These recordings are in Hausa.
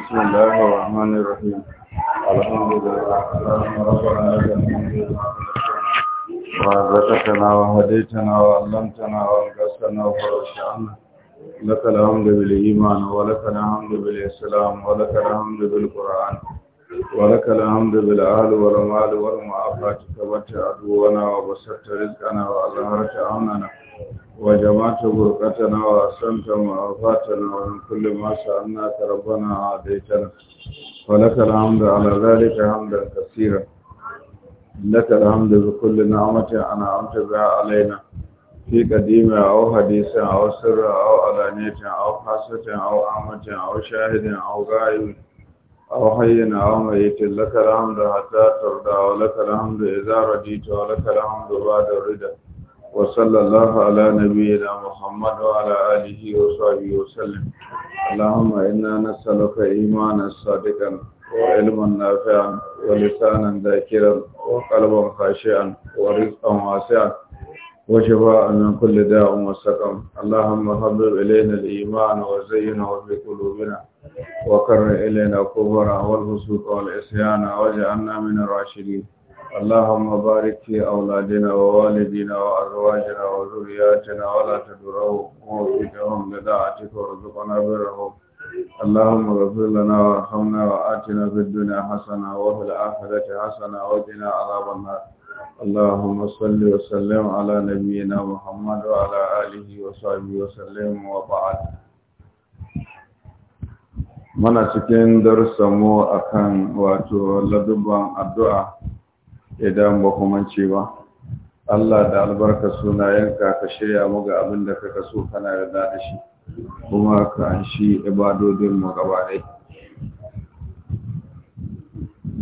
بسم الله الرحمن الرحيم الحمد لله اللهم ربنا لك الحمد ورزقتنا وهديتنا وعلمتنا وانقذتنا وفرجت عنا لك الحمد بالايمان ولك الحمد بالاسلام ولك الحمد بالقران ولك الحمد بالأهل والمال والمعافاة كبرت عدونا وبسطت رزقنا وأظهرت أمننا وجمعت بركتنا وأحسنت معافاتنا ومن كل ما سألناك ربنا عاديتنا ولك الحمد على ذلك حمدا كثيرا لك الحمد بكل نعمة أنعمت بها علينا في قديم أو حديث أو سر أو علانية أو خاصة أو عامة أو شاهد أو غائب أو حينا أو ميت لك الحمد حتى ترضى ولك الحمد إذا رضيت ولك الحمد بعد الرضا وصلى الله على نبينا محمد وعلى آله وصحبه وسلم اللهم إنا نسألك إيمانا صادقا وعلما نافعا ولسانا ذاكرا وقلبا خاشعا ورزقا واسعا وشفاء من كل داء وسقم اللهم حبب إلينا الإيمان وزينه في قلوبنا وكر إلينا الكفر والفسوق والعصيان واجعلنا من الراشدين اللهم بارك في أولادنا ووالدينا وأزواجنا وذرياتنا ولا تدره ووفقهم لداعتك وارزقنا برهم اللهم اغفر لنا وارحمنا وآتنا في الدنيا حسنة وفي الآخرة حسنة وقنا عذاب النار اللهم صل وسلم على نبينا محمد وعلى اله وصحبه وسلم وبعد mana cikin darussanmu a kan wato ladubban addu'a idan ba kumance ba Allah da albarka yanka ka shirya mu ga abin da kaka so kana yarda da shi kuma ka an shi ibadodin mu gaba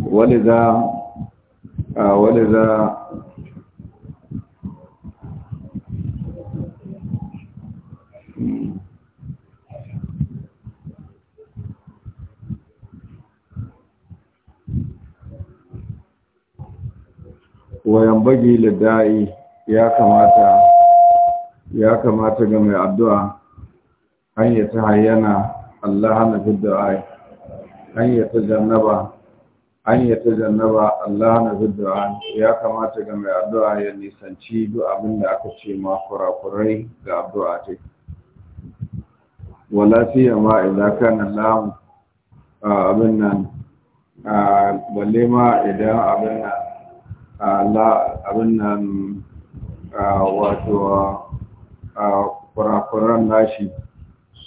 wani za A wani za. Wa yanzu ke littafai ya kamata ga mai addu'a? Hanya ta hayyana, Allah ha na gudu'a. Hanya ta jannaba. an yi ta jannaba Allah na bid'a ya kamata ga mai addu'a ya nisanci duk abin da aka ce ma kurakurai ga addu'a ta wala fiya ma idan kana lam abin nan balle ma idan abin nan la abin nan wato kurakuran nashi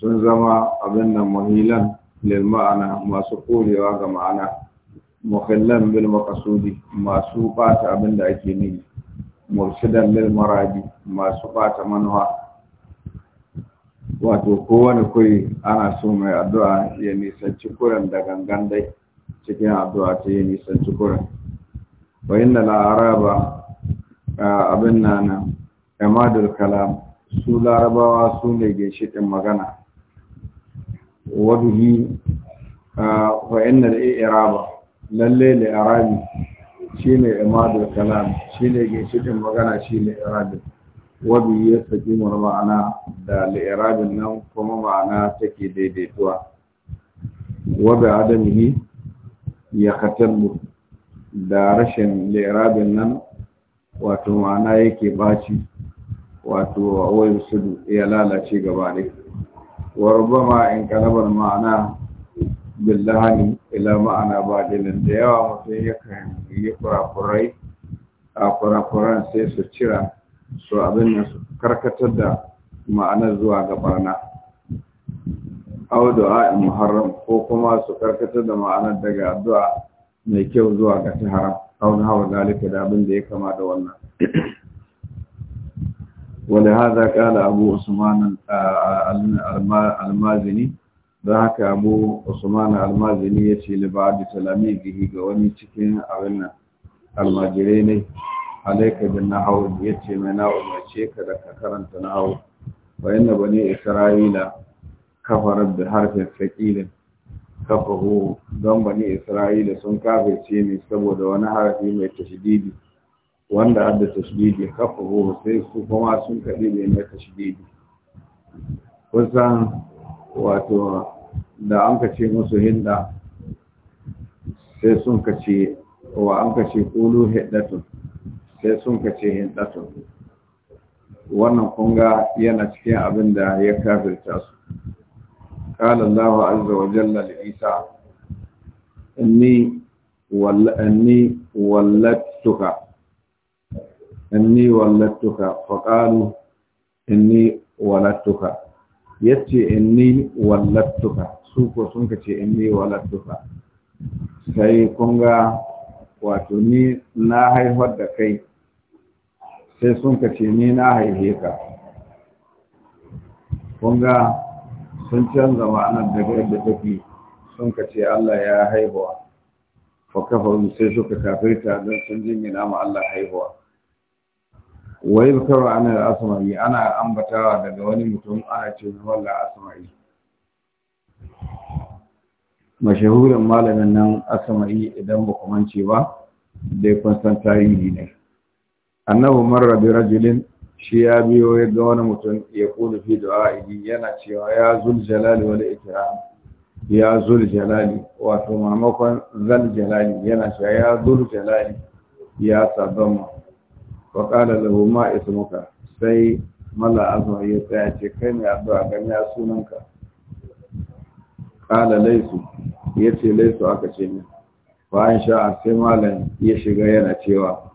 sun zama abin nan muhilan lil ma'ana masu korewa ga ma'ana mukhallan bil maqsudi masu bata abin da ake nufi murshidan lil maradi masu bata manuwa wato kowane kuri ana so mai addu'a ya nisanci kuren da gangan dai cikin addu'a ta ya nisanci kuren inna da araba, abin nan amadul kalam su larabawa su ne ginshiƙin magana waduhi fa'in da iraba lalle shi ne imadul kalam shi ne ginshikin magana shi shine irabin wabi ya saki ma'ana da li'irabin nan kuma ma'ana take daidaituwa wabi adamihi ya da rashin li'irabin nan wato ma'ana yake baci wato a su ya lalace gaba ne wa rubama in kalabar ma'ana billahi ila ma'ana badilin da yawa mutum yakan yi kurakurai a kurakuran sai su cira su abin da su karkatar da ma'anar zuwa ga barna audu a'in muharram ko kuma su karkatar da ma'anar daga addu'a mai kyau zuwa ga ta haram kawun hawa zalika da abin da ya kama da wannan ولهذا قال أبو عثمان المازني don haka abu usman almazini ya ce libadi talami gihi ga wani cikin abin nan almajirai ne alaika bin nahawu ya ce mai na umarce ka da ka karanta nahawu wa yana bane isra'ila kafar da harfin sakilin kafahu don bane isra'ila sun kafirce ne saboda wani harfi mai tashdidi wanda adda tashdidi kafahu sai su kuma sun kaɗi mai tashdidi kusan wato da an ka ce musu hinda sai sun ka ce wa an ka ce kulu hiddatun sai sun ka ce hiddatun wannan kunga yana cikin abin da ya kafirta su قال الله عز وجل لعيسى إني ول إني ولدتك إني ولدتك فقالوا إني ولدتك yace inni wallattuka su ko sun ka ce inni wallattuka sai kun ga wato ni na haifar da kai sai sun ka ce ni na haife ka kun ga sun canza ma'anar daga yadda take sun ka ce Allah ya haihuwa fa kafaru sai suka kafirta don sun jingina ma Allah haihuwa wa yuzkaru ana da asmai ana ambatawa daga wani mutum ana ce wala asma'i mashahurin malamin nan asma'i idan ba kumance ba dai kun tarihi ne Annabu marar bi rajulin shi ya biyo ya wani mutum ya kulu fi wa'idi yana cewa ya zul jalali wani ikram ya zul jalali wato mamakon zal jalali yana cewa ya zul jalali ya sabama wa qala lahu ma ismuka sai mala azma ya tsaya ce kai mai addu'a ga ya sunanka laisu, ya ce laisu aka ce ni fa an sha'a sai malam ya shiga yana cewa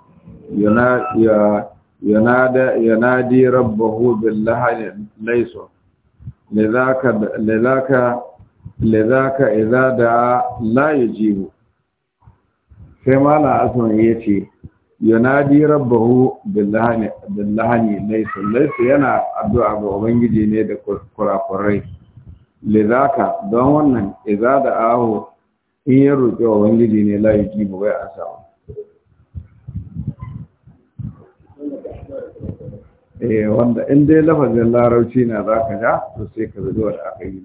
yana ya yanada yanadi rabbahu billahi laysu lidhaka lidhaka lidhaka idza da'a la yujibu sai malam azma yace yanadi rabbahu billahani Lahani laysa laysa yana addu'a ga ubangiji ne da kurakurai lidaka don wannan idza da aho in ya roƙi ubangiji ne la yujibu bai ansa eh wanda in dai lafazin larauci na zaka ja to sai ka zuwa da aka yi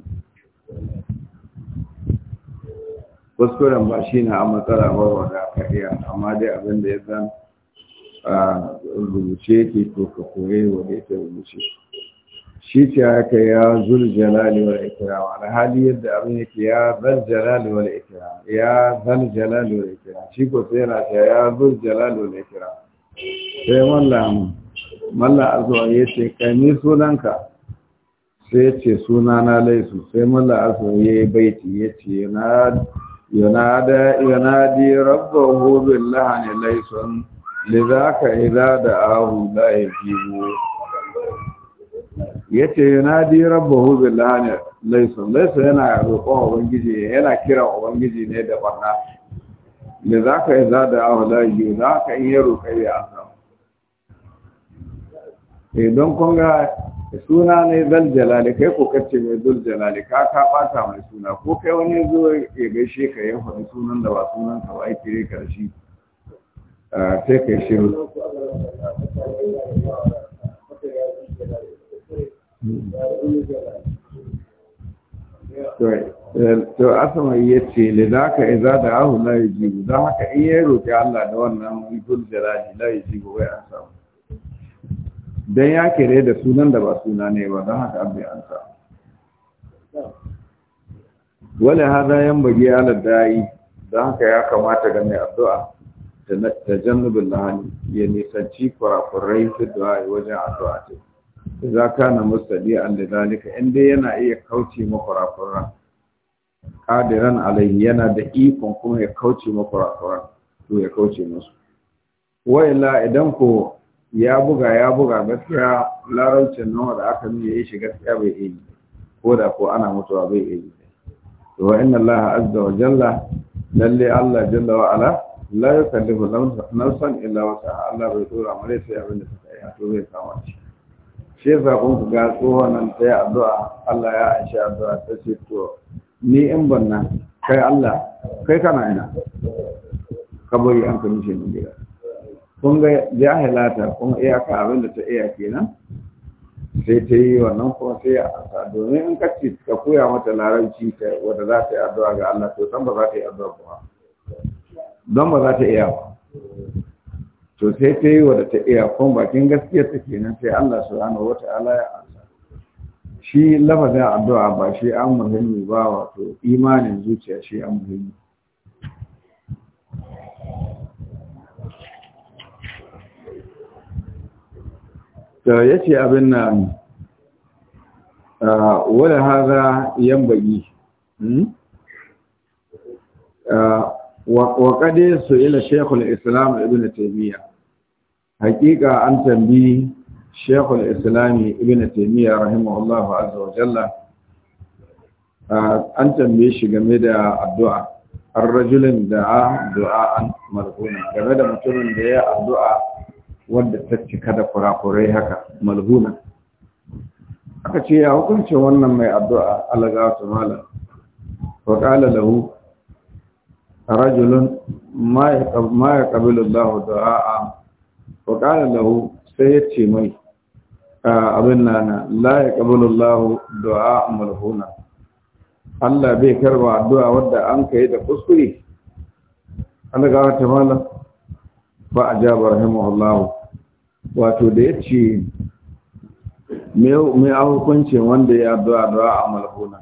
kuskuren ba shi na a matsala ba wanda aka iya amma dai abin da ya zama. rubuce yake to ka koye wanda yake rubuce shi ce haka ya zul jalali wa na hali yadda abin yake ya zal jalali wa ikira ya zal jalali wa ikira shi ko sai yana ta ya zul jalali wa ikira sai malla mallam ya ce kai ni sunanka sai ya ce suna na laisu sai malla aso ya yi baiti ya ce yana da yana di rabba hobin lahani laisun lizaka idza da'ahu la yajibu yace yunadi rabbahu bil lana laysa laysa yana roƙo ubangiji yana kira ubangiji ne da barna lizaka idza da'ahu la yajibu zaka in ya roƙe ya asa e don konga suna ne zal jalali kai ko kace mai zul jalali ka ka bata mai suna ko kai wani zo ya gaishe ka ya faɗi sunan da ba sunan ka ba ai kire ka shi sai a shiru to eh, asama ya ce le za ka iza da ahu na yi jibu don haka in ya roƙi Allah da wannan gul jiraji na yi jibu wai an samu don ya kere da sunan da ba suna ne ba don haka abin an samu Wani hada yan bagi ala dayi don haka ya kamata ga mai addu'a da jannubin lahani ya nisanci kurakurai fi du'a wajen addu'a ce za ka na mustadi an da zalika inda yana iya kauce ma Ƙadiran qadiran yana da ikon kuma ya kauce ma kurakuran to ya kauce musu Waila idan ko ya buga ya buga gaskiya larabcin nawa da aka nuna ya shi gaskiya bai iya ko da ko ana mutuwa bai iya yi to allaha azza wa jalla lalle allah jalla wa'ala. la yukallifu nafsan illa a Allah bai dora mare sai abin da ta kai a bai kama shi shi yasa kun ku ga tsohon nan ta yi addu'a Allah ya aishi addu'a ta ce to ni in banna kai Allah kai kana ina bari an ka mishe min gida kun ga halata kun ka abin da ta iya kenan sai ta yi wannan kuma sai ya asa domin in ka ce ka koya mata larabci wadda za ta yi addu'a ga Allah to san ba za ta yi addu'a ba don ba za ta iya ba to sai ta yi wadda ta iya kuma bakin gaskiyar ta kenan sai Allah wata wata ya ansa shi lafazin addu'a ba shi an muhimmi ba wato imanin zuciya shi an muhimmi da ya ce abin nan ah, wadda haza yan bagi hmm? ah, wa Su'ila su ila shekul islam ibn taimiyya hakika an tambi shekul islami ibn taimiyya rahimahullahu azza wa jalla an tambaye shi game da addu'a an rajulin da a an malhuna game da mutumin da ya addu'a wadda ta cika da kurakurai haka malhuna aka ce ya hukunci wannan mai addu'a alagawa tumala wa ƙala lahu رجل ما يقبل الله دعاء وقال له sai ya ce mai abin nana Allah Allah bai karba addu'a wadda an kai da kuskure Allah ga ta mala Allah wato da yace me me hukuncin wanda ya addu'a da'a'a malhuna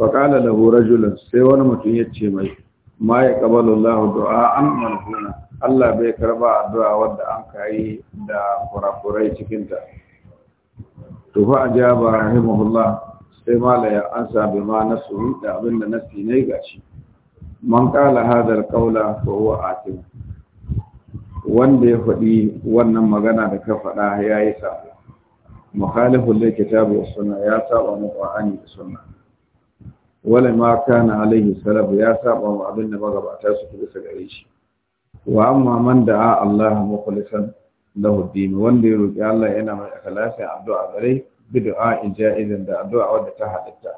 wa qala lahu rajulun sai wani mutum ya mai ma ya kabalu Allah du'a an Allah bai karba addu'a wadda an kai da kurakurai cikin ta to fa ajaba rahimahullah sai mala ya ansa bi ma nasu da abinda nasi ne gashi man qala hadha al fa huwa atim wanda ya faɗi wannan magana da ka faɗa yi sa mukhalifun lil kitabi was sunna ya saba mu qur'ani da sunna wala ma kana alaihi salaf ya saba wa abin da magabata su fi bisa gare shi wa amma man da'a Allah mukhlisan lahu din wanda ya roki Allah yana mai akhlasi addu'a gare bid'a ijazan da addu'a wadda ta halitta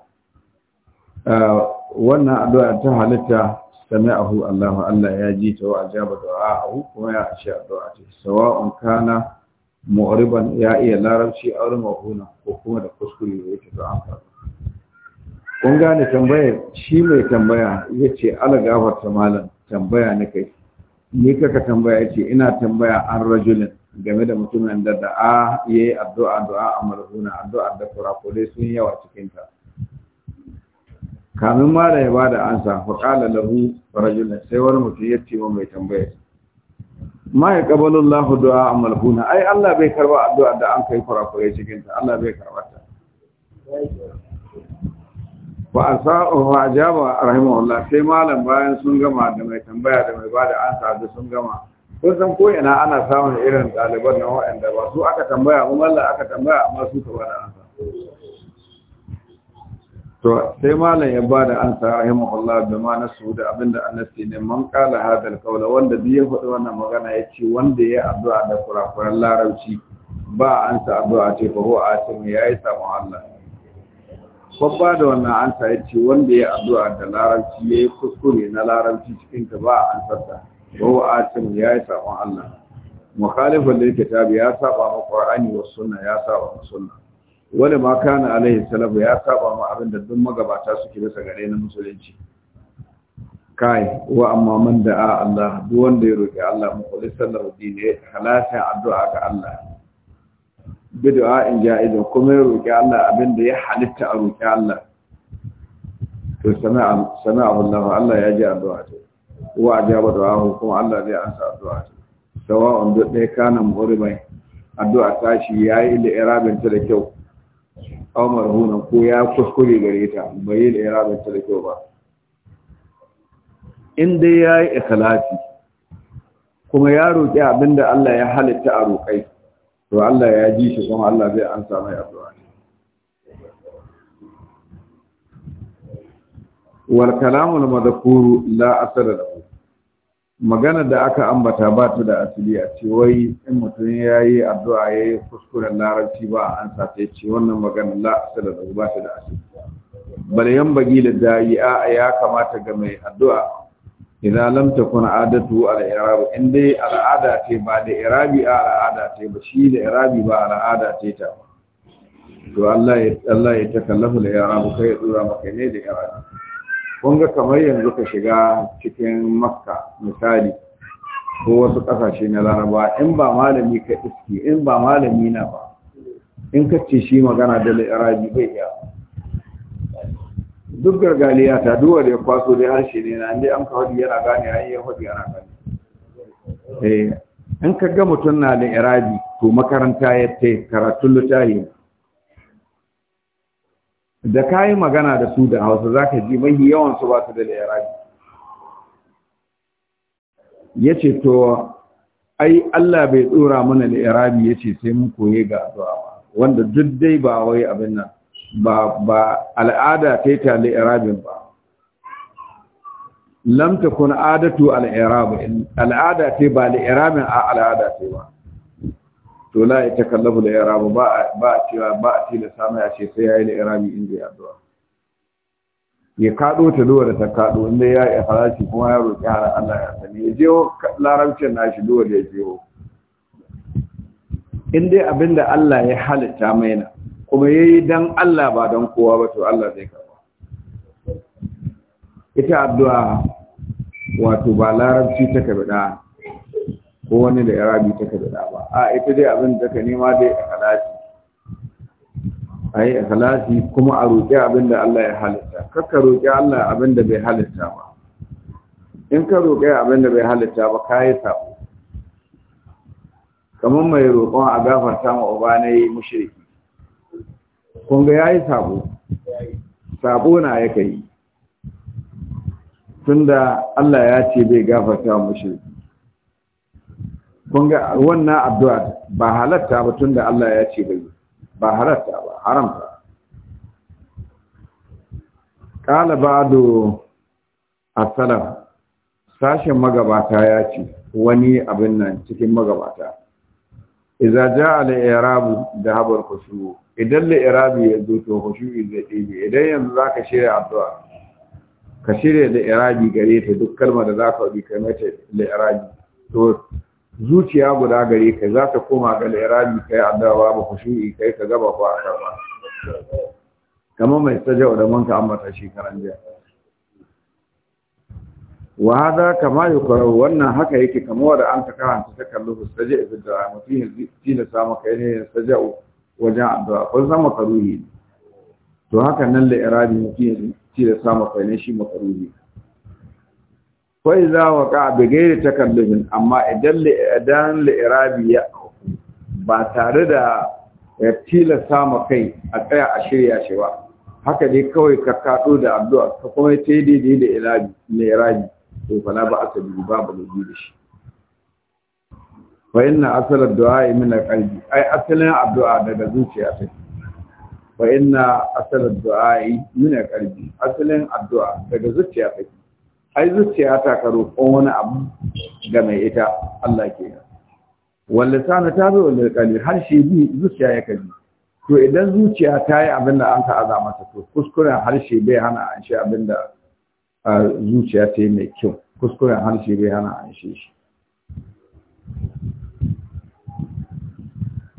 wannan addu'a ta halitta sami'ahu Allah Allah ya ji ta wa ajaba du'a'ahu kuma ya ashe addu'a ta sawa'un kana mu'riban ya iya larabci aure mahuna ko kuma da kuskure ya a du'a kun gane tambayar shi mai tambaya ya ce alagafar malam tambaya na kai ni kaka tambaya ce ina tambaya an rajulin game da mutumin da da'a ya yi addu'a addua a marhuna addu'a da kurakure sun yawa cikinta kamin ma da ya ba da ansa faƙala lahu rajulin sai wani mutum ya ce wa mai tambaya ma ya kabalin lahu du'a a marhuna ai allah bai karba addu'a da an kai kura-kure cikinta allah bai karba ta fa asa'u wa ajaba rahimahullah sai malam bayan sun gama da mai tambaya da mai bada ansa da sun gama kun san ko ina ana samun irin ɗaliban na waɗanda ba su aka tambaya mu mallan aka tambaya amma su ka bada ansa to sai malam ya bada ansa rahimahullah da ma nasu da abinda annasi ne man qala hadal qawla wanda bi ya faɗi wannan magana yace wanda ya addu'a da kurakuran larabci ba ansa addu'a ce fa huwa atim yayi samu Allah babba da wannan an ta yace wanda ya addu'a da larabci ya yi kuskure na larabci cikin ka ba an sarta ko a ya yi sabon Allah da yake tabi ya saba ma qur'ani wa sunna ya saba ma sunna wanda ma kana alaihi salafu ya saba ma abin da duk magabata suke bisa gare na musulunci kai wa amma man da'a Allah duk wanda ya roki Allah mu kulli sallar dini halatin addu'a ga Allah Bidua in ja'izun kuma ya roƙi Allah abin da ya halitta a roƙi Allah to a sana'a Allah Allah ya ji addu'a ta wa da wahu kuma Allah zai ansa addu'a ta sawa'un duk kanan kana mu'ribai addu'a ta shi yi da irabin da kyau aw marhunan ko ya kuskure gare ta bai yi da irabin da kyau ba in dai yi ikhlasi kuma ya roƙi abin da Allah ya halitta a roƙai to Allah ya ji shi kuma Allah zai ansa mai addu'a wal kalamul madhkuru la asala lahu magana da aka ambata ba ta da asali a ce wai in mutum ya yi addu'a ya yi kuskuren larabci ba a ansa ta ce wannan magana la asala lahu ba ta da asali bal yan bagi da da'i a ya kamata ga mai addu'a idan lam kuna adatu in dai al'ada ce ba da i'rabi a al'ada ce ba shi da i'rabi ba al'ada ce ta to Allah ya Allah ya da irabu kai ya maka ne da irabi. kun ga kamar yanzu ka shiga cikin makka misali ko wasu kasashe na laraba in ba malami ka iski in ba malami na ba in ka ce shi magana da i'rabi bai iya duk gargaliya ta duwa da ya kwaso da harshe ne na inda an ka yana gane a yi hudu yana gani eh, in ka ga mutum na da irabi to makaranta ya ta karatun littafi da ka yi magana da su da hausa za ka ji mahi yawan su ba su da rabi. ya ce to ai Allah bai tsora mana da irabi ya ce sai mun koye ga addu'a wanda duk dai ba wai abin nan ba ba al'ada ta ta li'irabin ba lam takun adatu al'irab al'ada ta ba li'irabin a al'ada ta ba to la ya takallafu li'irab ba ba cewa ba a tilasta mai ya ce sai yayi li'irabi inda ya addu'a ya kaɗo ta duwa da ta kaɗo inda ya yi farashi kuma ya roƙi har Allah ya sani ya je larabcin nashi duwa da ya je in dai abinda Allah ya halitta mai na kuma yayi dan Allah ba dan kowa ba to Allah zai karba ita addu'a wato ba larabci ta kabida ko wani da irabi ta kabida ba a ita dai abin da ka nema dai ikhlasi a ikhlasi kuma a roƙi abin da Allah ya halitta kakka roƙi Allah abin da bai halitta ba in ka roƙi abin da bai halitta ba ka yi sabo kamar mai roƙon a gafarta ma na yi mushriki kun ga yi sabo sabo na ya kai tunda Allah ya ce bai gafarta wa kun ga wannan addu'a ba halatta ba tunda Allah ya ce bai ba halatta ba haramta Kala ba'du as-salaf sashen magabata ya ce wani abin nan cikin magabata idza ja'a al-i'rabu dhahabar khushu' idan irabi ya zo to khushu'i zai ɗebe idan yanzu za ka shirya addu'a ka shirya da irabi gare ta duk kalmar da za ka wadi kai mata irabi to zuciya guda gare ka za ta koma ga ka kai addu'a babu khushu'i kai ka gaba ko a ba kamar mai sajau da manka ambata shekaran jiya wa hada kama yukrahu wannan haka yake kamar da an ka karanta ta kallu sajau da mutum tilasa kai ne sajau wajen addu'a kun san to haka nan la irabi mutum ci da sa maka ne shi makaruhi fa idza waqa bi ghairi takallufin amma idan la idan la ya ba tare da ya tilasta samu kai a tsaya a shirya shi ba haka dai kawai ka kaɗo da addu'a ka kuma ta yi daidai da iradi to fala ba aka bi babu da shi Wa inna asalar du'a min alqalbi ai asalin addu'a daga zuciya ta wa inna asalar du'a min alqalbi asalin addu'a daga zuciya take ai zuciya ta karo ko wani abu ga mai ita Allah ke wal lisanu tabi'u lil har harshe bi zuciya ya kaji to idan zuciya ta yi abin da an ka aza mata to kuskuren harshe bai hana an shi abin da zuciya ta yi mai kyau kuskuren harshe bai hana an shi shi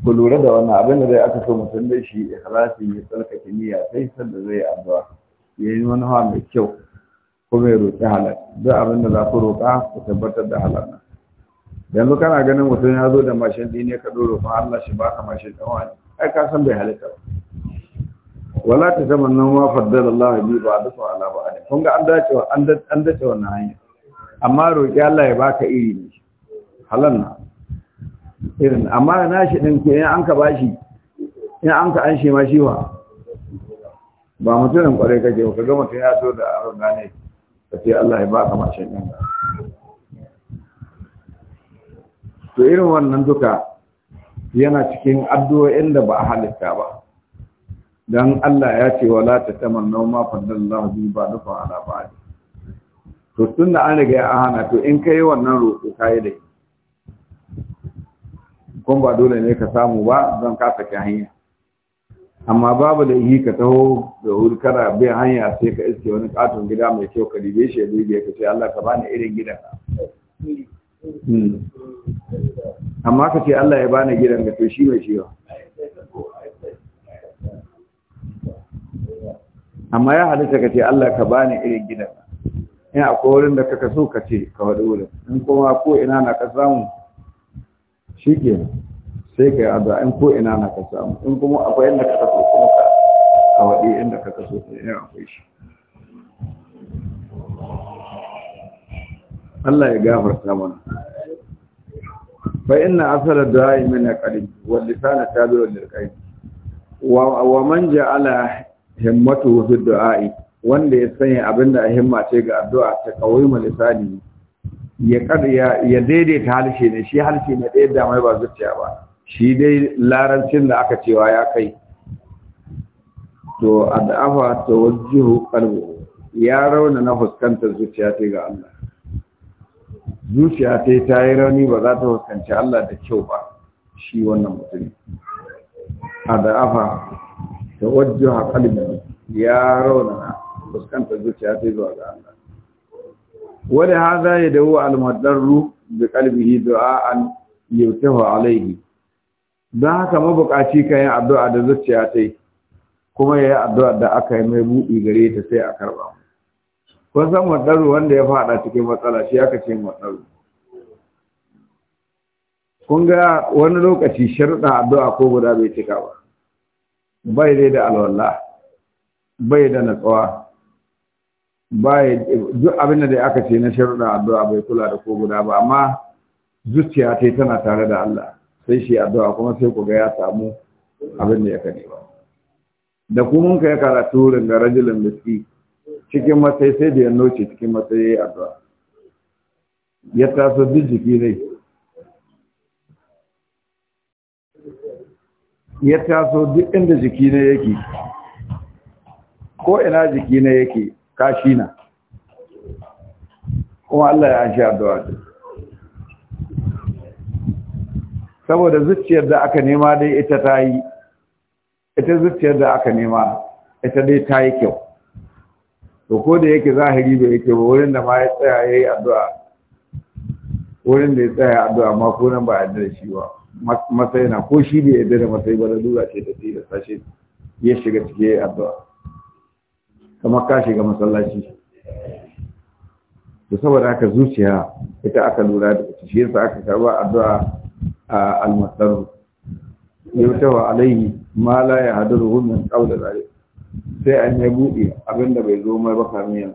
ku lura da wannan abin da zai aka so mutum da shi ikhlasi ya tsarkake niyya sai sanda zai addu'a ya yi wani hawa mai kyau kuma ya roƙi halal duk abin da za ku roƙa ku tabbatar da halal nan yanzu kana ganin mutum ya zo da mashin ɗin ne ka ɗora kuma Allah shi baka mashin ɗan wani ai ka san bai halitta ba wala ta zama nan ma faddar Allah bi ba duk wa Allah ba kun ga an dace an dace wannan hanya amma roƙi Allah ya baka iri ne halal na irin amma na shi ɗin ke yin an ka ba shi in an ka an shi ma shiwa ba mutumin kwarai kake ba ka ga mutum ya so da aron gane ka ce Allah ya ba ka mashin ɗin to irin wannan duka yana cikin addu'o'in da ba a halitta ba dan Allah ya ce wala ta tamanna ma faddallahu bi ba dufa ala ba'd to tunda an riga an hana to in kai wannan roƙo kai dai kun ba dole ne ka samu ba zan ka saki hanya amma babu da yi ka taho da wuri kana bin hanya sai ka iske wani katon gida mai kyau ka dibe shi ya ka ce Allah ka bani irin gidan hmm. amma ka ce Allah ya bani gidan da to shi mai shi amma ya halitta ka ce Allah ka bani irin gidan in akwai wurin da kaka so ka ce ka wadi wurin in kuma ko ina na ka samu shi ke sai ka yi addu'a in ko ina na ka samu in kuma akwai inda ka kaso kuma ka a waɗi inda ka kaso ta yi akwai shi Allah ya gafarta mana fa inna asala du'a min al-qalb wal lisan tabi'u lil qalb wa wa man ja'ala himmatuhu fi du'a wanda ya sanya abinda himma ce ga addu'a ta qawima lisani ya daidaita halshe ne shi halshe na ɗaya da mai ba zuciya ba shi dai larancin da aka cewa ya kai to ad'afa tawajjuhu qalbu ya rauna na fuskantar zuciya ta ga Allah zuciya ta ta yi rauni ba za ta fuskanci Allah da kyau ba shi wannan mutum ad'afa tawajjuha qalbu ya rauna fuskantar zuciya ta ga Allah wani haza ya dawo almadarru da kalbihi du'a'an yautahu alaihi don haka mabukaci kan yi addu'a da zuciya ta yi kuma ya yi addu'a da aka yi mai buɗi gare ta sai a karɓa kun san madarru wanda ya faɗa cikin matsala shi aka ce madarru kun ga wani lokaci sharuɗa addu'a ko guda bai cika ba bai dai da alwala bai da natsuwa baya duk abin da aka ce na sharuɗa addu'a bai kula da ko guda ba amma zuciya ta tana tare da Allah sai shi addu'a kuma sai ku ga ya samu abin da ya kane ba da kuma ka ya karatu da rajulin miski cikin matsayi sai da ya noce cikin matsayi ya yi addu'a ya taso duk jiki ne ya taso duk inda jiki ne yake ko ina jiki ne yake kashi na kuma Allah ya shi addu'a saboda zuciyar da aka nema dai ita ta yi ita zuciyar da aka nema ita dai ta yi kyau to ko da yake zahiri bai yake ba wurin da ma ya tsaya ya yi addu'a wurin da ya tsaya addu'a ma ko nan ba a da shi ba masai na ko shi bai yarda da masai ba da lura ce ta ce da sashe ya shiga cike addu'a kamar ka shiga masallaci da saboda aka zuciya ita aka lura da ita shi yasa aka karba addu'a a almasar yautawa alaihi ma la ya hadaru min qawla zalik sai an ya buɗe abinda bai zo mai baka kamiyan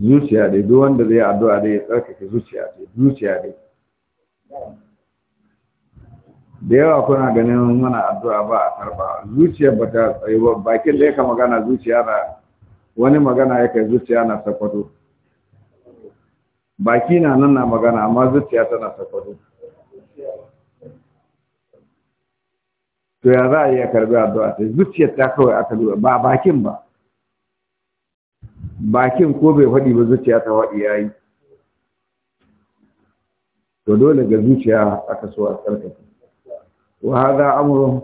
zuciya dai duk wanda zai addu'a dai ya tsarkake zuciya dai zuciya dai da yawa kuna ganin mana addu'a ba a karba zuciyar ba ta tsaye ba bakin da yaka magana zuciya na wani magana yake zuciya na sakwato baki na nan na magana amma zuciya tana sakwato to ya za a yi karbi addu'a ta zuciyar ta kawai aka duba ba bakin ba bakin ko bai faɗi ba zuciya ta faɗi ya yi to dole ga zuciya aka so a tsarkake wa hadha amrun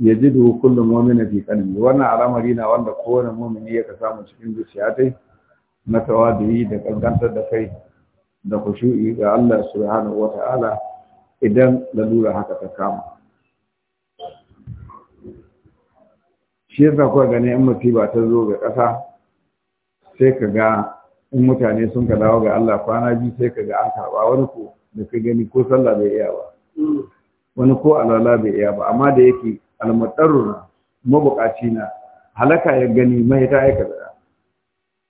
yajidu kullu mu'minin fi qalbi wannan al'amari na wanda kowane mu'mini ya samu cikin zuciya dai na tawadi da gangantar da kai da khushu'i ga Allah subhanahu ta'ala idan lura haka ta kama shi yasa kuwa gani in musiba ta zo ga ƙasa sai ka in mutane sun ka dawo ga Allah kwana biyu sai ka ga an karɓa wani ko da ka gani ko sallah bai iya ba wani ko alala bai iya ba amma da yake almudarruna mabukaci na halaka ya gani mai ta aika da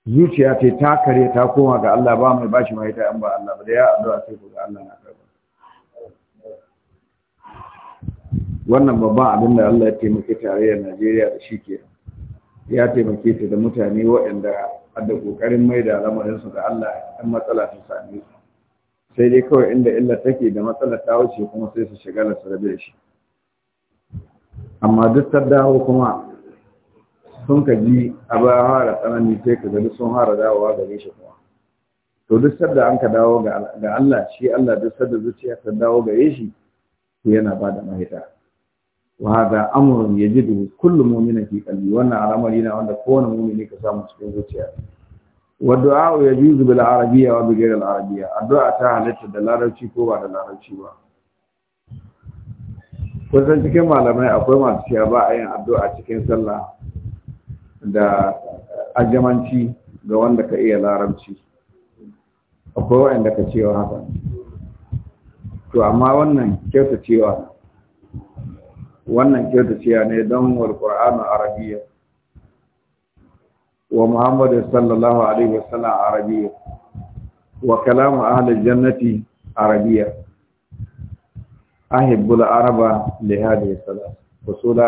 zuciya ce ta kare ta koma ga Allah ba mai bashi mai ta an ba Allah ba da ya addu'a sai ga Allah na karba wannan babban abin da Allah ya taimake tarayyar Najeriya da shi ke ya taimake ta da mutane waɗanda da ƙoƙarin mai da lamarinsu ga Allah 'yan matsala ta same su sai dai kawai inda illa take da matsalar ta wuce kuma sai su shiga da rabe shi amma duk ta dawo kuma sun ka ji a bayan hara tsanani sai ka gani sun hara dawowa ga shi kuma to duk da an ka dawo ga Allah shi Allah duk da zuciya ta dawo ga shi to yana ba da mahita wa hada amrun yajidu kullu mu'minin fi qalbi wannan al'amari na wanda kowane mu'mini ka samu cikin zuciya wa ya ji zuba arabiyya wa bighayr al addu'a ta halitta da larabci ko ba da larabci ba kusan cikin malamai akwai masu cewa ba a yin addu'a cikin sallah da ajamanci ga wanda ka iya larabci akwai wa'anda ka cewa haka to amma wannan kyauta cewa wannan kyautacewa ne don wal qur'anu wa muhammadu sallallahu alaihi wa sallam arabiya wa kalam jannati arabiya ahib araba li hadi salam wa sul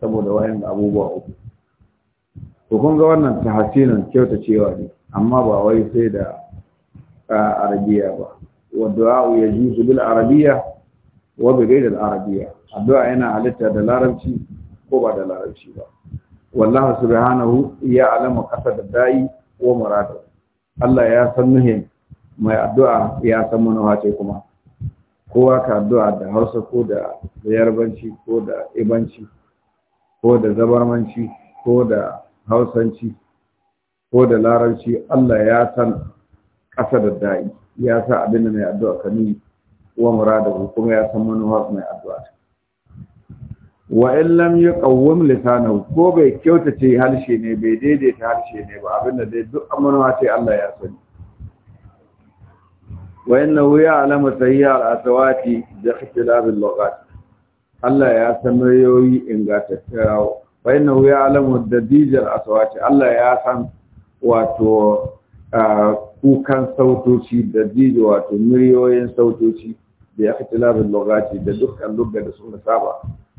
saboda wayan abubuwa uku to kunga wannan tahsinan kyauta cewa ne amma ba wai sai da arabiya ba wa du'a ya ji su bil arabiya wa bi ghayr arabiya addu'a yana alitta da larabci ko ba da larabci ba wallahu subhanahu ya alama kasa da da'i wa muradu Allah ya san nuhin mai addu'a ya san manowa ce kuma kowa ka addu'a da hausa ko da yarbanci ko da ibanci ko da zabarmanci ko da hausanci ko da larabci Allah ya san ƙasa da da'i ya sa abin da mai addu'a kani wa muradahu kuma ya san manowa mai addu'a wa in lam yuqawwim lisanahu ko bai ce harshe ne bai daidaita harshe ne ba abinda dai duk amanawa sai Allah ya sani wa innahu ya'lamu sayyar asawati da al lughat Allah ya san rayoyi ingantattawa wa innahu ya'lamu al-aswati Allah ya san wato kukan sautoci da dijo wato muryoyin sautoci da al lughati da dukkan lugga da suka saba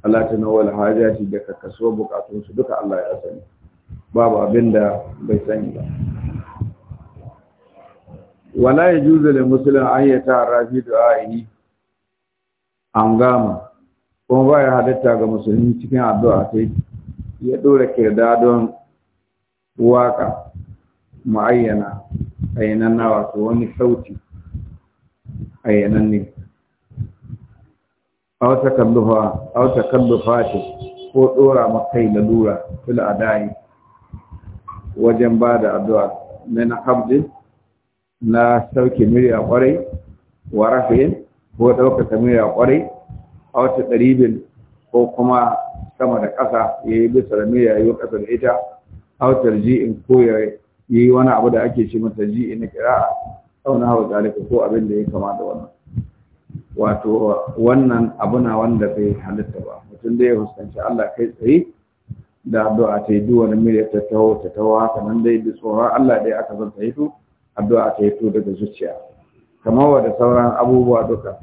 Allah ta nawal hajati da ka kaso bukatunsu duka Allah ya sani babu abin da bai sani ba wala ya juzu da musulun an yi ta rafi du'a'i an gama kuma ba ya halitta ga musulmi cikin addu'a sai ya ɗora kirda don waka ma'ayyana ayyanan na wato wani sauti ayyanan ne aw takallufa aw takallufati ko dora makai lalura fil adai wajen ba da addu'a min hamdin na sauke a kwarai wa rafi'in ko ɗaukaka a kwarai a wata ɗaribin ko kuma sama da ƙasa ya yi bisa da murya da ita a wata ji'in ko ya yi wani abu da ake ce mata ji'in na kira'a a wani hawa zalika ko abin da ya kamata. wannan wato wannan abu na wanda bai halitta ba mutum da ya fuskanci Allah kai tsaye da addu'a ta yi duwani murya ta taho ta taho haka nan dai da tsoron Allah dai aka zanta yi to addu'a ta yi daga zuciya kamar wanda sauran abubuwa duka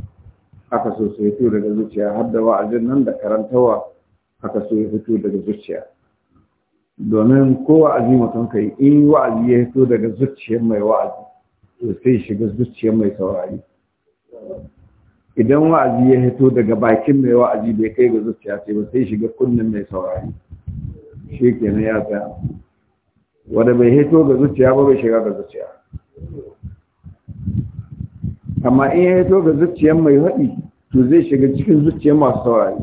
aka so su fito daga zuciya har da wa'azin nan da karantawa aka so ya fito daga zuciya domin ko wa'azi mutum ka yi, in wa'azi ya fito daga zuciyar mai wa'azi to sai shiga zuciyar mai saurari idan wa'azi ya hito daga bakin mai wa'azi bai kai ga zuciya sai ba sai shiga kunnen mai saurari shi na ya tsaya wanda bai hito ga zuciya ba bai shiga ga zuciya amma in ya hito ga zuciyar mai haɗi to zai shiga cikin zuciyar masu saurari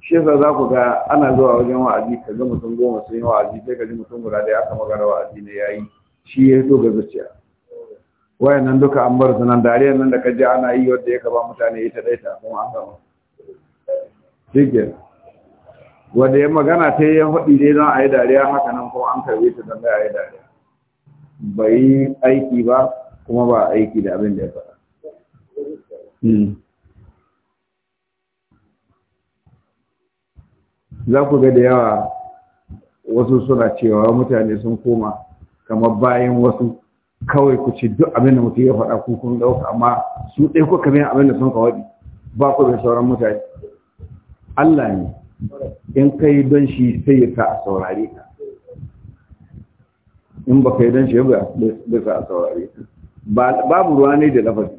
shi yasa za ku ga ana zuwa wajen wa'azi ka ga mutum goma sun yi wa'azi sai ka ji mutum guda da ya kama gara wa'azi ne ya yi shi ya hito ga zuciya nan duka an bar sunan dariyar nan da kaji ana yi wadda ya kaba mutane ita dai ta kuma an gama shike wadda ya magana ta yi haɗi dai don a yi dariya haka nan kuma an karbe ta don a yi dariya bai yi aiki ba kuma ba aiki da abin da ya faɗa hmm. za ku ga da yawa wasu suna cewa mutane sun koma kamar bayan wasu kawai ku ce duk abin da mutum ya faɗa ku kun ɗauka amma su ɗaya ku kamar abin da sun kawaɗi ba ku da sauran mutane Allah ne in ka yi don shi sai ya sa a saurare ka in ba ka yi don shi ba bai sa a saurare ka babu ruwa ne da lafazi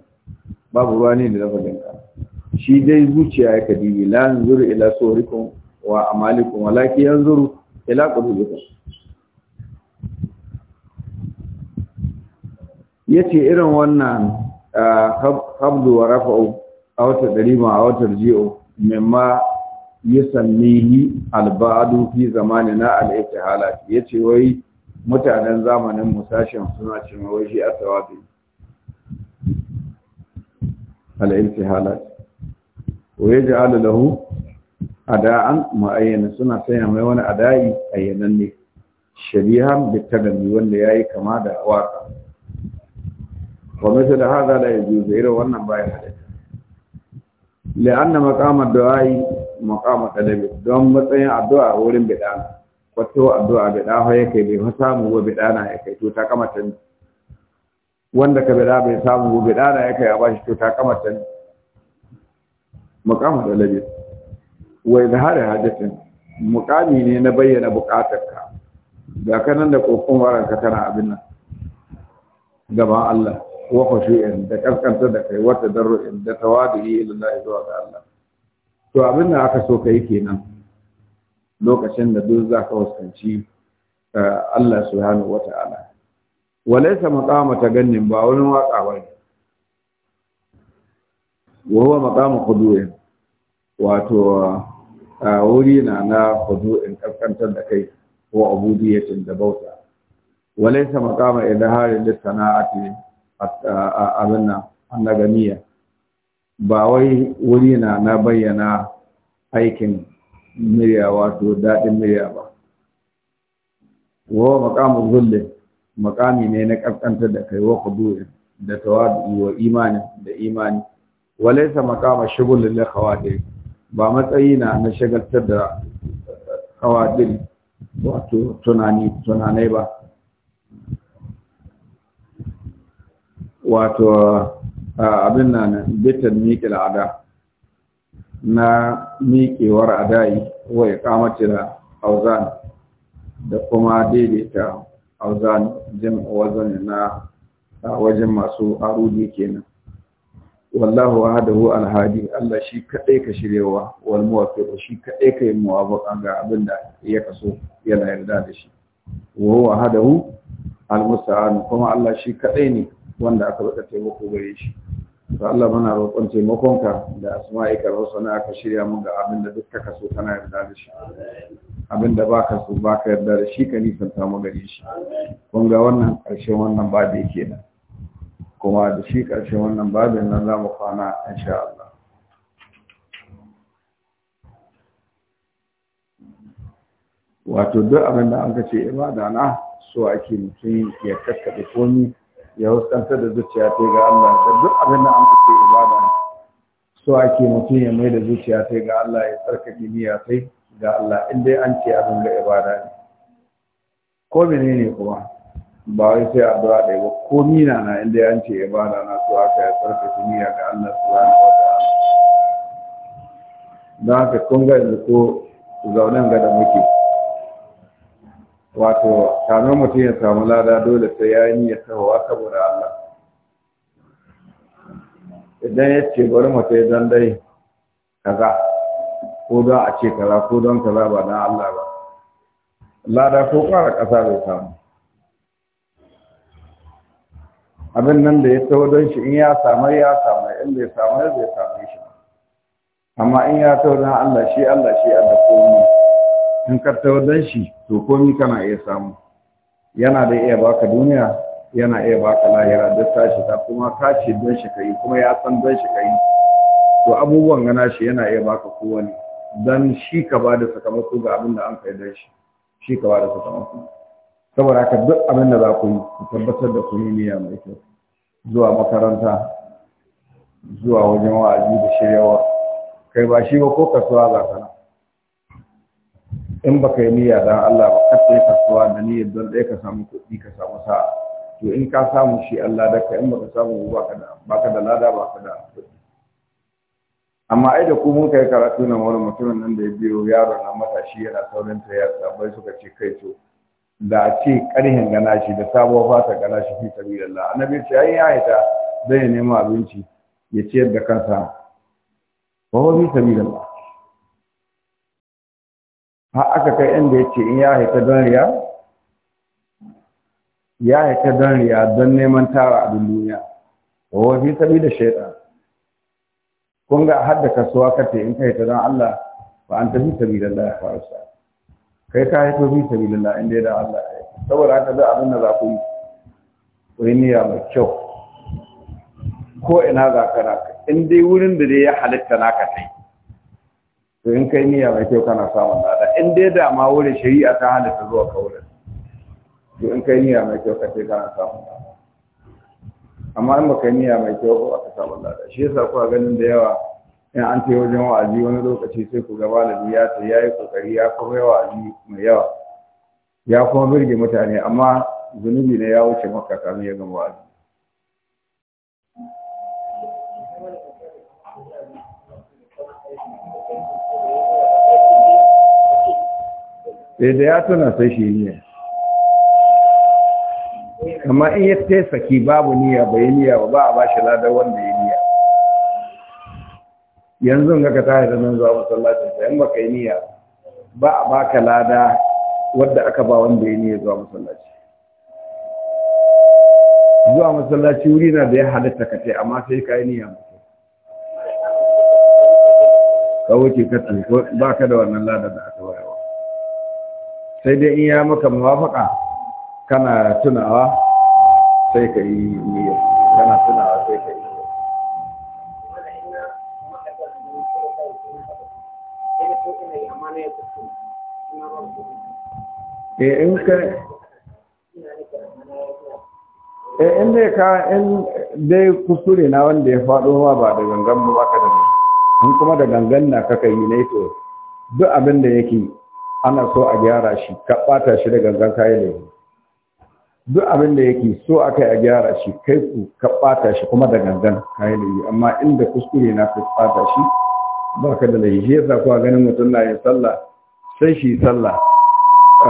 babu ruwa ne da lafazin ka shi dai zuciya ya kadi la yanzuru ila sawrikum wa amalikum walakin yanzuru ila qulubikum yace irin wannan qabdu wa rafa'u aw tadriba aw tarji'u mimma yusammihi al alba'adu fi al'aiki al ya ce wai mutanen zamanin musashen suna ce wai shi at al'aiki al waye ji yaj'alu lahu ada'an ma'ayyana suna sanya mai wani ada'i ayyanan ne ta gami wanda ya yi kama da waka wa misal hadha la yajuz irin wannan baya halatta la'anna maqamad du'ai maqama talabi don matsayin addu'a wurin bid'a wato addu'a bid'a ho yake bai fa samu wa bid'a na yake to ta kamata wanda ka bid'a bai samu wa bid'a na yake a bashi to ta kamata maqama talabi wa izhari hajatin muqami ne na bayyana bukatarka ga kanan da kokon waranka tana abin nan Gaba Allah wakashi'in da kaskanta da kai wata darru'in da tawadihi ila zuwa ga Allah to abin da aka so kai kenan lokacin da duk zaka wasanci eh, Allah subhanahu wata'ala walaysa maqama tagannin ba wani waka bane wa huwa maqamu khudu'in wato eh, wuri na na khudu'in kaskantar da kai wa abudiyatin da bauta walaysa maqama idharin lis sana'ati abin nan annagamiya ba wai wuri na na bayyana aikin murya wato daɗin murya ba wa maqamu zulle. makami ne na ƙarƙantar da kai wa qudu'in da tawadu wa imani da imani walaysa makama shughul lil khawadir ba matsayi na na shagaltar da khawadir wato tunani tunanai ba wato abin nan bitan miƙe al'ada na miƙewar adayi wa da auzan da kuma daidaita auzan jin wazan na wajen masu arudi kenan wallahu ahadahu alhadi Allah shi kadai ka shirewa wal muwaffiq shi kadai ka yi muwafaqa ga abin da ya kaso yana yarda da shi wa huwa ahadahu almusta'an kuma Allah shi kadai ne wanda aka baka taimako gare shi to Allah muna roƙon taimakonka da asma'ikal husna ka shirya mun ga abin da dukka ka so kana yarda da shi abin da baka so baka yarda da shi ka nisanta samu gare shi kun ga wannan ƙarshen wannan babu da. kuma da shi ƙarshen wannan babin nan za mu kwana insha Allah wato duk abin da an ka ce ibada na so ake mutum ya kakkaɓe komi ya huskantar da zuciya ta ga Allah da duk abin da an kace ibada so ake mutum ya mai da zuciya ta ga Allah ya tsarka jiniya sai ga Allah in an ce abin ga ibada ne ko menene kuma ba wai sai addu'a ɗaya ba ko mina na in an ce ibada na so aka ya tsarka jiniya ga Allah subhanahu wa don haka kun ga ko zaunan ga da muke wato kamar mutum ya samu lada dole sai ya yi ya tahowa saboda Allah idan ya ce bari mu sai dan dai kaza ko don a ce kaza ko don kaza ba don Allah ba lada ko kwara ƙasa bai samu abin nan da ya taho don shi in ya samu ya samu in bai samu bai samu shi amma in ya taho don Allah shi Allah shi Allah ko komai in ka tawadar shi to komi kana iya samu yana da iya baka duniya yana iya baka lahira da tashi ta kuma ka ce don shi kai kuma ya san don shi kai to abubuwan gana shi yana iya baka kowane don shi ka ba da sakamako ga abin da an kai don shi shi ka ba da sakamako saboda haka duk abin da za ku yi ku tabbatar da kun yi niyya mai kyau zuwa makaranta zuwa wajen wa'azi da shiryawa kai ba shi ba ko kasuwa za ka in baka yi niyya dan Allah ba kar yi kasuwa da niyyar don dai ka samu kuɗi ka samu sa'a to in ka samu shi Allah da ka in ka samu ba ka da ba ka da lada ba ka da amma ai da ku mun kai karatu nan wani mutumin nan da ya biyo yaro na matashi yana saurin ta ya sabai suka ce kai to da a ce ƙarhin gana shi da sabuwar fata gana shi fi Allah annabi ce ai ya haita zai nema abinci ya ciyar da kansa ba wa fi Allah har aka kai inda ya ce in ya haita don riya ya haita don riya don neman tara abin duniya wa fi sabi da shaida. kun ga har da kasuwa ka in ka haita don Allah ba an tafi sabi da Allah ya faru sa kai ka haito fi sabi da Allah inda ya da Allah ya saboda haka da abin da za ku yi wani niyya mai kyau ko ina za ka raka? in dai wurin da dai ya halitta naka kai to in kai niyya mai kyau kana samun lada in dai da ma wurin shari'a ta ta zuwa kaurin to in kai niyya mai kyau kace kana samun lada amma in baka niyya mai kyau ba ka samun lada shi yasa kuwa ganin da yawa in an ce wajen wa'azi wani lokaci sai ku gaba da ya ta ya yi kokari ya kuma yi wa'azi mai yawa ya kuma birge mutane amma zunubi ne ya wuce maka kamin ya wa'azi sai eh, da ya tuna sai shi niyya amma in ya ta saki babu niyya bai yi niyya ba a ba shi ladar wanda ya niyya yanzu ga ka tashi da nan zuwa masallacin sayan ba ka yi niyya ba a baka lada wadda aka ba wanda ya niyya zuwa masallaci zuwa masallaci wuri na da ya halitta ka ce amma sai ka yi niyya mutu ka wuce ka ba ka da wannan ladar da aka bayar sai dai in ya maka muwafaka kana tunawa sai ka yi niyya kana tunawa sai ka yi eh in eh in dai ka in dai kusure na wanda ya faɗo ma ba da gangan ba ka da in kuma da gangan na kaka yi ne to duk abin da yake ana so a gyara shi ka ɓata shi da gangan kayan lemu duk abin da yake so aka a gyara shi kai ku ka ɓata shi kuma da gangan kayan lemu amma inda kuskure na ka ɓata shi ba ka da laifi shi yasa kuwa ganin mutum na yin sallah sai shi sallah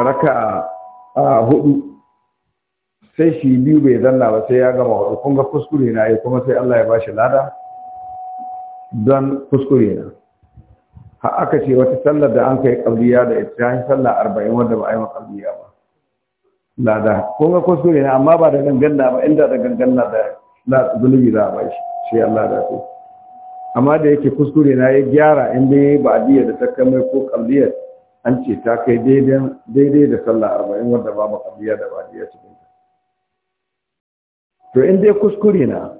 raka a hudu sai shi biyu bai zanna ba sai ya gama hudu kun ga kuskure na yi kuma sai Allah ya ba shi lada don kuskure na har aka ce wata sallar da an kai kabliya da ita yi sallar arba'in wanda ba a yi makabliya ba lada kun ga kuskure ne amma ba da ganganna ba inda da ganganna da la zulubi za a ba shi sai Allah da su amma da yake kuskure na ya gyara in dai ba diya da ta mai ko kabliya an ce ta kai daidai da sallar arba'in wanda ba makabliya da ba diya cikin to in dai kuskure na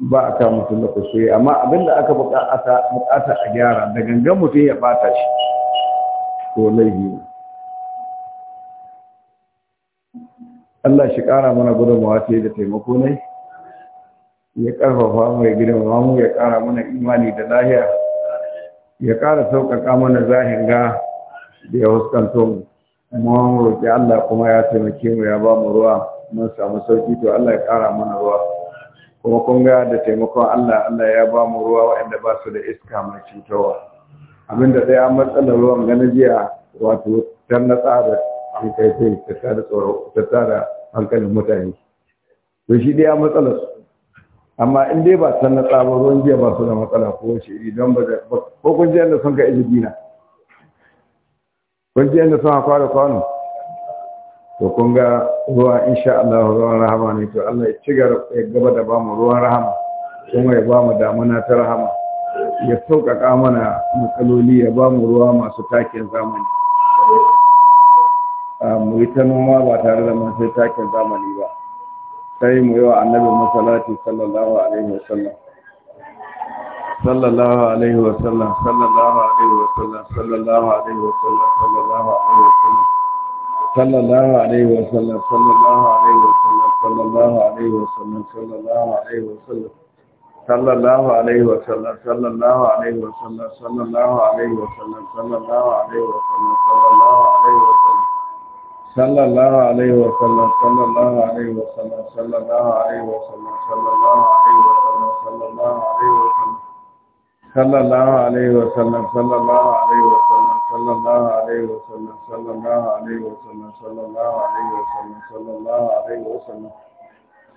ba a ta mutum da kuskure amma abin da aka bukata a gyara da gangan mutum ya bata shi to laifi ne Allah shi kara mana gudunmawa ce da taimako ne ya ƙarfafa mai girmama mu ya ƙara mana imani da lahiya ya ƙara sauƙaƙa mana zahin ga da ya huskanto mu mu roƙi Allah kuma ya taimake mu ya ba mu ruwa mun samu sauƙi to Allah ya ƙara mana ruwa kuma kun ga da taimakon Allah Allah ya ba mu ruwa waɗanda ba su da iska mai cutowa abinda da an matsalar ruwan gana jiya wato tar na tsada an kai sai ta tsada tsoro ta tsara hankalin mutane to shi dai an matsalar su amma in dai ba san na tsaba ruwan jiya ba su da matsala ko wace iri don ba da ko kun ji yadda sun ka iji dina kun ji yadda sun ka kwano to kun ga ruwa insha Allah ruwan rahama ne to Allah ya ya gaba da bamu ruwan rahama kuma ya bamu damuna ta rahama ya sauƙaƙa mana matsaloli ya bamu ruwa masu takin zamani mu yi ta noma ba tare da masu takin zamani ba sai mu yi wa annabi masalati sallallahu alaihi wa sallam sallallahu alaihi wa sallam sallallahu alaihi wa sallam sallallahu alaihi wa sallam sallallahu alaihi wa sallam sallallahu alaihi wa sallam sallallahu alaihi wa sallam sallallahu alaihi wa sallam sallallahu alaihi wa sallam sallallahu alaihi wa sallam sallallahu alaihi wa sallam sallallahu alaihi wa wa sallam sallallahu alaihi wa wa sallam sallallahu alaihi wa wa sallam sallallahu alaihi wa wa sallam sallallahu alaihi wa wa sallam صلى الله عليه وسلم صلى الله عليه وسلم صلى الله عليه وسلم صلى الله عليه وسلم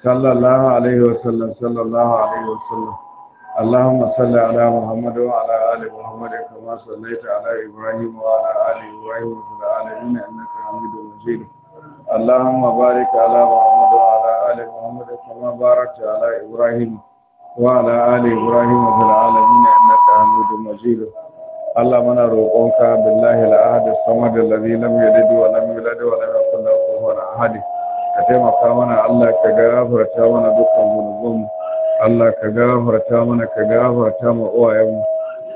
صلى الله عليه وسلم صلى الله عليه وسلم اللهم صل على محمد وعلى ال محمد كما صليت على ابراهيم وعلى ال ابراهيم في العالمين انك حميد مجيد اللهم بارك على محمد وعلى ال محمد كما باركت على ابراهيم وعلى ال ابراهيم في العالمين انك حميد مجيد Allah muna roƙonka billahi al-ahad da samad alladhi lam yalid wa lam yulad wa lam yakul lahu kufuwan ahad ka taimaka mana Allah ka gafarta mana dukkan zunubin Allah ka gafarta mana ka gafarta mu uwayen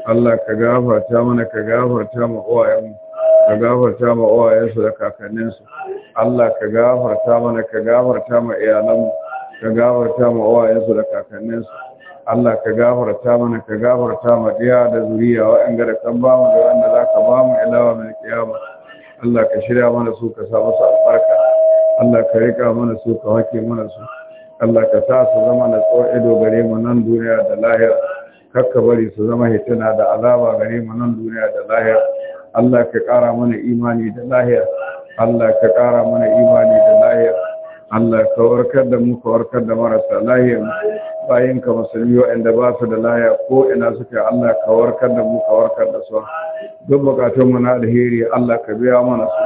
Allah ka gafarta mana ka gafarta mu uwayen ka gafarta mu uwayen su da kakannin su Allah ka gafarta mana ka gafarta mu iyalan ka gafarta mu uwayen su da kakannin su Allah ka gafarta mana ka gafarta ma diya da zuriya wa'anga da kan bamu da wanda za ka bamu ilawa mai kiyama Allah ka shirya mana su ka sa musu albarka Allah ka rika mana su ka wake mana su Allah ka sa su zama na ido gare mu nan duniya da lahira kakka bari su zama hitina da azaba gare mu nan duniya da lahira Allah ka ƙara mana imani da lahira Allah ka ƙara mana imani da lahira Allah ka warkar da mu ka warkar da marasa lahiyar ka musulmi waɗanda ba su da laya ko ina suke Allah ka warkar da mu ka warkar da su duk bukatun mu na alheri Allah ka biya mana su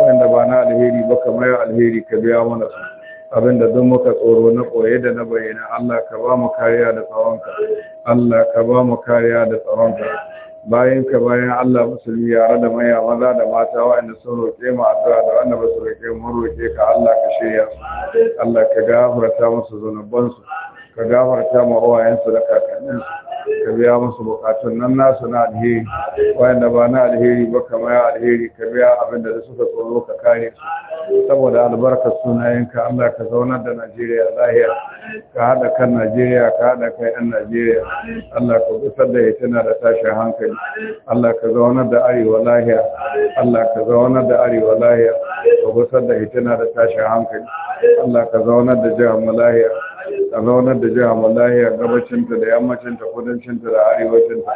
waɗanda ba na alheri ba ka maya alheri ka biya mana su abinda duk muka tsoro na koye da na bayyana Allah ka ba mu kariya da tsaronka Allah ka ba mu kariya da tsaronka bayan ka bayan Allah musulmi yare da maya maza da mata waɗanda sun roƙe mu addu'a da wanda ba su roƙe mu roƙe ka Allah ka shirya su Allah ka gafarta musu zunubansu ka gafarta ma wayansu da kakanninsu ka biya musu bukatun nan nasu na alheri da ba na alheri ba ka maya alheri ka biya abin da suka tsoro ka kare su saboda albarkar sunayenka Allah ka zaunar da Najeriya lahiya ka haɗa kan Najeriya ka haɗa kai 'yan Najeriya Allah ka gusar da hitina da tashin hankali Allah ka zaunar da arewa lahiya Allah ka zaunar da arewa lahiya ka gusar da hitina da tashin hankali Allah ka zaunar da jihar mu lahiya a zaunar da jihar a gabacinta da yammacinta kudancinta da arewacinta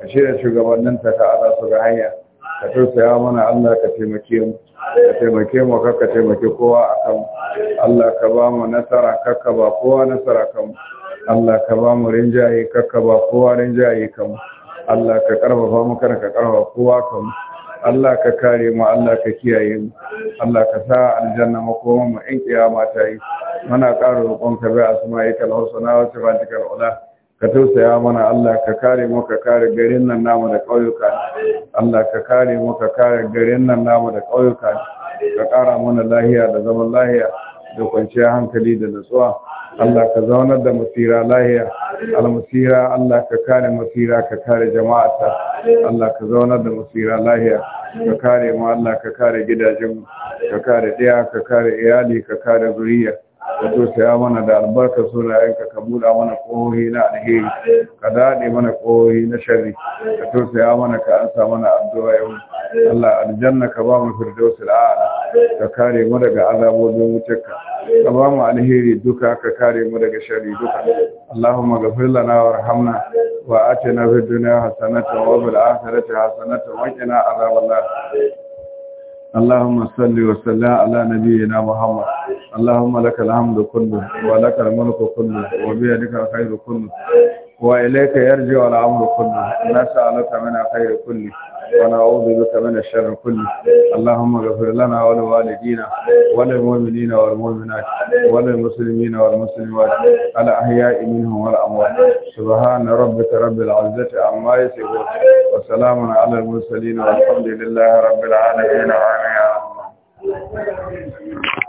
a shirya shugabanninta ka ana su ga hanya ka tausaya mana allah ka taimake mu ka taimake mu ka ka taimake kowa a kan allah ka ba mu nasara ka ba kowa nasara kan allah ka ba mu rinjaye ka ba kowa rinjaye kan allah ka karfafa mu kar ka karfafa kowa kan Allah ka kare mu Allah ka kiyaye mu Allah ka sa aljanna makoman mu in kiyama ta yi muna ƙara roƙon ka bi asma'ikal husna wa sifatikal ula ka tausaya mana Allah ka kare mu ka kare garin nan namu da ƙauyuka Allah ka kare mu ka kare garin nan namu da ƙauyuka ka kara mana lahiya da zaman lahiya da kwanciyar hankali da nutsuwa Allah ka zaunar da masira lahiya almasira Allah ka kare masira ka kare jama'ata Allah ka zaunar da masira lahiya ka kare mu Allah ka kare gidajen ka kare ɗaya ka kare iyali ka kare zuriya ka tosaya mana da albarka sunayenka ka buɗa mana ƙohohi na alheri ka daɗe mana ƙohohi na sharri ka tosaya mana ka ansa mana addu'a yau Allah aljanna ka ba mu firdausul a'la ka kare mu daga azabobin wutarka ka ba mu alheri duka ka kare mu daga shari duka Allahumma ghfir lana warhamna wa atina fid dunya hasanatan wa fil akhirati hasanatan wa qina azabannar اللهم صل وسلم على نبينا محمد اللهم لك الحمد كله ولك الملك كله وبيدك الخير كله وإليك يرجع الأمر كله نسألك من خير كله ونعوذ بك من الشر كله اللهم اغفر لنا ولوالدينا وللمؤمنين والمؤمنات وللمسلمين والمسلمات الأحياء منهم والأموات سبحان ربك رب العزة عما يصفون وسلام على المرسلين والحمد لله رب العالمين آمين